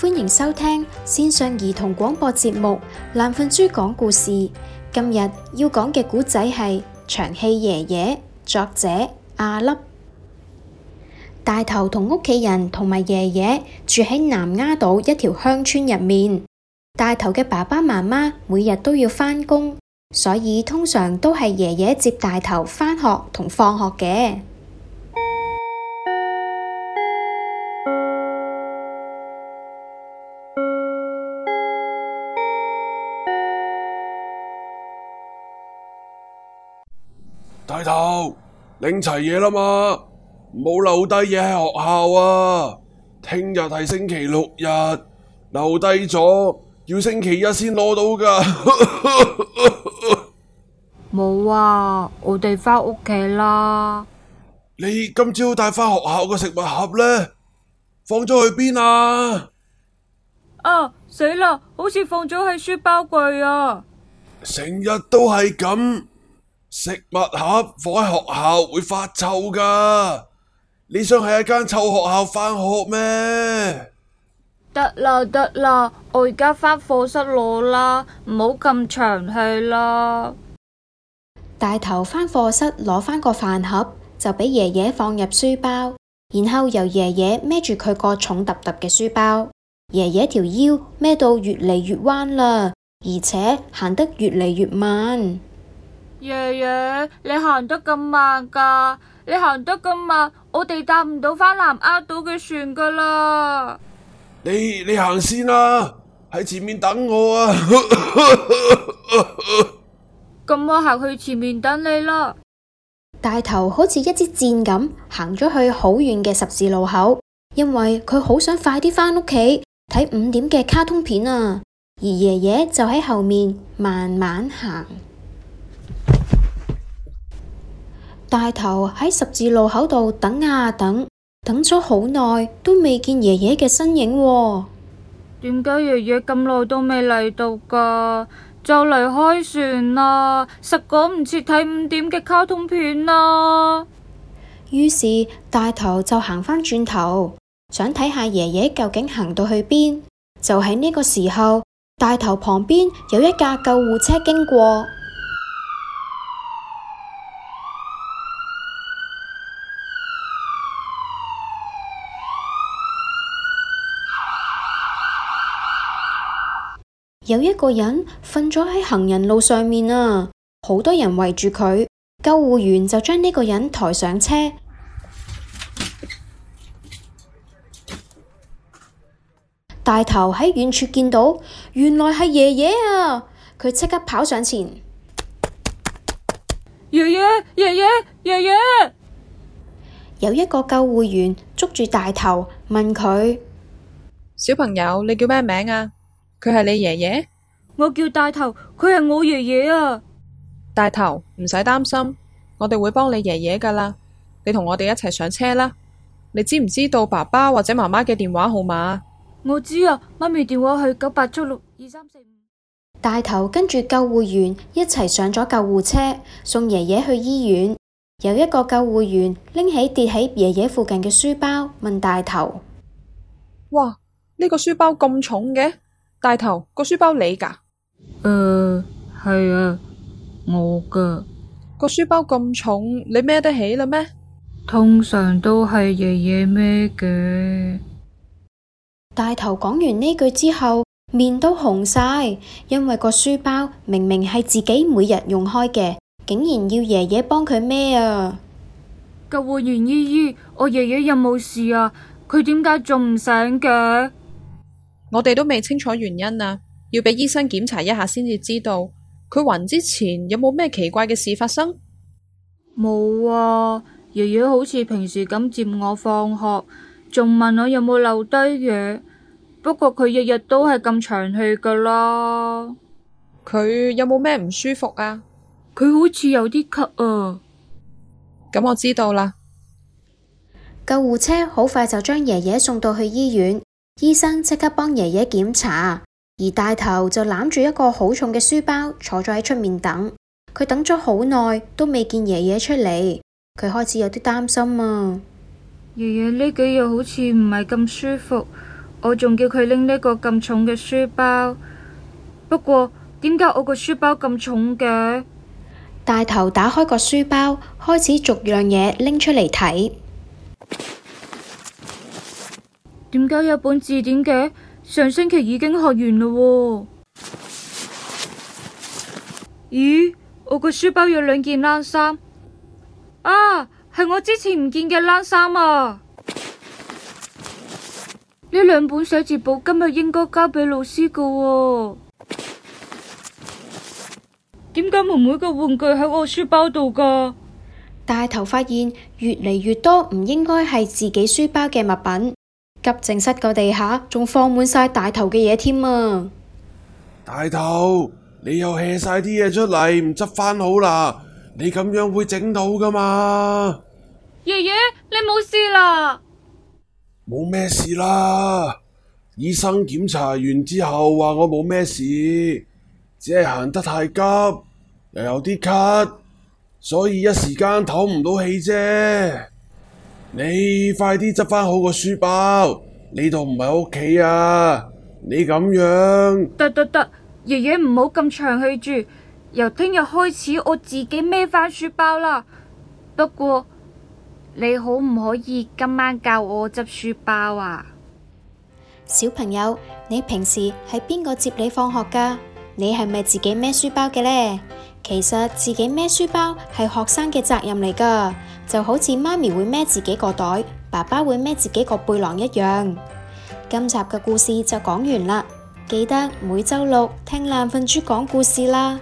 歡迎收聽線上兒童廣播節目《懶瞓豬講故事》。今日要講嘅古仔係《長氣爺爺》，作者阿粒。大頭同屋企人同埋爺爺住喺南丫島一條鄉村入面。大頭嘅爸爸媽媽每日都要返工。所以通常都係爺爺接大頭返學同放學嘅。大頭，領齊嘢啦嘛，冇留低嘢喺學校啊！聽日係星期六日，留低咗，要星期一先攞到噶。冇啊，我哋翻屋企啦。你今朝帶翻學校嘅食物盒呢？放咗去邊啊？啊，死啦！好似放咗喺書包櫃啊。成日都係咁，食物盒放喺學校會發臭噶。你想喺一間臭學校翻學咩？得啦，得啦，我而家返課室攞啦，唔好咁長氣啦。大頭返課室攞返個飯盒，就俾爺爺放入書包，然後由爺爺孭住佢個重揼揼嘅書包。爺爺條腰孭到越嚟越彎啦，而且行得越嚟越慢。爺爺，你行得咁慢噶？你行得咁慢，我哋搭唔到返南丫島嘅船噶啦。你你行先啦，啊，喺前面等我啊！咁 我行去前面等你啦。大頭好似一支箭咁行咗去好遠嘅十字路口，因為佢好想快啲返屋企睇五點嘅卡通片啊！而爺爺就喺後面慢慢行。大頭喺十字路口度等啊等。等咗好耐，都未見爺爺嘅身影喎。點解爺爺咁耐都未嚟到噶就嚟開船啦，實趕唔切睇五點嘅卡通片啦。於是大頭就行返轉頭，想睇下爺爺究竟行到去邊。就喺呢個時候，大頭旁邊有一架救護車經過。有一個人瞓咗喺行人路上面啊！好多人圍住佢，救護員就將呢個人抬上車。大頭喺遠處見到，原來係爺爺啊！佢即刻跑上前：爺爺，爺爺，爺爺！有一個救護員捉住大頭，問佢：小朋友，你叫咩名啊？佢係你爺爺，我叫大頭，佢係我爺爺啊！大頭唔使擔心，我哋會幫你爺爺噶啦。你同我哋一齊上車啦。你知唔知道爸爸或者媽媽嘅電話號碼？我知啊，媽咪電話係九八七六二三四五。大頭跟住救護員一齊上咗救護車，送爺爺去醫院。有一個救護員拎起跌喺爺爺附近嘅書包，問大頭：哇，呢、這個書包咁重嘅？大頭，個書包你噶？呃，係啊，我噶。個書包咁重，你孭得起嘞咩？通常都係爺爺孭嘅。大頭講完呢句之後，面都紅晒，因為個書包明明係自己每日用開嘅，竟然要爺爺幫佢孭啊！救護員姨姨，我爺爺有冇事啊？佢點解仲唔醒嘅？我哋都未清楚原因啊，要俾醫生檢查一下先至知道。佢暈之前有冇咩奇怪嘅事發生？冇啊，爺爺好似平時咁接我放學，仲問我有冇漏低嘢。不過佢日日都係咁長氣噶啦。佢有冇咩唔舒服啊？佢好似有啲咳啊。咁我知道啦。救護車好快就將爺爺送到去醫院。醫生即刻幫爺爺檢查，而大頭就攬住一個好重嘅書包，坐咗喺出面等。佢等咗好耐，都未見爺爺出嚟，佢開始有啲擔心啊！爺爺呢幾日好似唔係咁舒服，我仲叫佢拎呢個咁重嘅書包。不過，點解我個書包咁重嘅？大頭打開個書包，開始逐樣嘢拎出嚟睇。點解有本字典嘅？上星期已經學完啦。咦，我個書包有兩件冷衫啊，係我之前唔見嘅冷衫啊。呢兩本寫字簿今日應該交俾老師噶喎。點解妹妹個玩具喺我書包度噶？大頭發現越嚟越多唔應該係自己書包嘅物品。急症室個地下仲放滿晒大頭嘅嘢添啊！大頭，你又 hea 晒啲嘢出嚟，唔執返好啦！你咁樣會整到噶嘛？爺爺，你冇事啦？冇咩事啦！醫生檢查完之後話我冇咩事，只係行得太急，又有啲咳，所以一時間唞唔到氣啫。你快啲執翻好個書包，呢度唔係屋企啊！你咁樣得得得，爺爺，唔好咁長氣住。由聽日開始，我自己孭翻書包啦。不過你可唔可以今晚教我執書包啊？小朋友，你平時係邊個接你放學噶？你係咪自己孭書包嘅呢？其實自己孭書包係學生嘅責任嚟㗎，就好似媽咪會孭自己個袋，爸爸會孭自己個背囊一樣。今集嘅故事就講完啦，記得每周六聽懶瞓豬講故事啦。